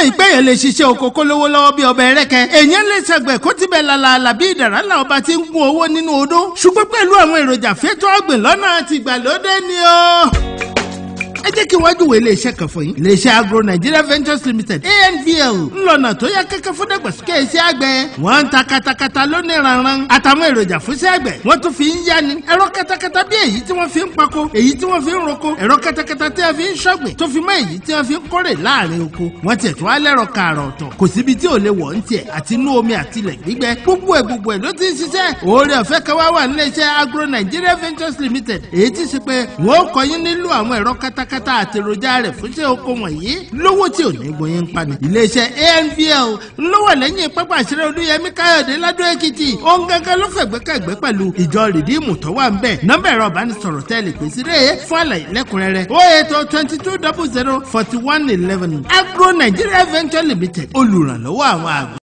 mọ́rọ̀ ìpẹ́ yẹn lè ṣiṣẹ́ oko kólówó lọ́wọ́ bí ọba ẹrẹ́kẹ́ èèyàn lè ṣàgbẹ̀ kó tibẹ̀ làlàlà bí ìdàrá là ọba ti ń gun owó nínú odó ṣùgbọ́n pẹ̀lú àwọn èròjà fẹ́tọ́ ọ̀gbìn lọ́nà àtìgbàlódé ni ó jẹ́ wájú wo iléeṣẹ́ kan fún yín. iléeṣẹ́ agro nigeria ventures limited anvl ńlọ́nà tó yẹ kẹ́kẹ́ fún dàgbàsókè iṣẹ́ àgbẹ̀. wọ́n ń ta katakata lónìí ranran àtàwọn èròjà fún iṣẹ́ àgbẹ̀. wọ́n tún fi ń yáni ẹ̀rọ katakata bí èyí tí wọ́n fi ń pako èyí tí wọ́n fi ń roko ẹ̀rọ katakata tí a fi ń ṣọ̀gbìn tó fi mọ́ èyí tí a fi ń kórè láàrin oko. wọ́n tiẹ̀ tún alẹ́rọ kààrọ̀ ọ̀tọ̀ kò síbi tí ò lè wọ̀ ń tiẹ̀ àti inú omi àtilẹ̀ gbígbẹ gbogbo ẹ̀ gbogbo ẹ̀ ló ti ń ṣiṣẹ́. oore ọ̀fẹ́ kan wá wà nílé iṣẹ́ agro nigeria ventures limited èyí ti ṣe pé wọ́n kọ́ yín nílò àwọn ẹ̀rọ katakata tá a ti rojá rẹ̀ fúnṣẹ́ oko wọ̀nyí lówó tí ò ní gbóyin pani. iléeṣẹ́ anvl lọ́wọ́ lẹ́yìn pápá àṣírí olúyẹmí káyọ̀dé ládó èkìtì òun gangan ló fẹ̀gbẹ́kẹ̀gbẹ́ pẹ̀lú ìjọ rìdíìmù tó wà ń bẹ̀. nọ́mbà ẹ̀rọ ìbánisọ̀rọ̀ tẹ́lẹ̀ pèsè rẹ̀ fún àlàyé lẹ́kùnrẹ́rẹ́ o oh ètò oh twenty two double zero forty one eleven agro nigeria venture limited olùrànlọ́wọ́ àwọn àgbẹ̀.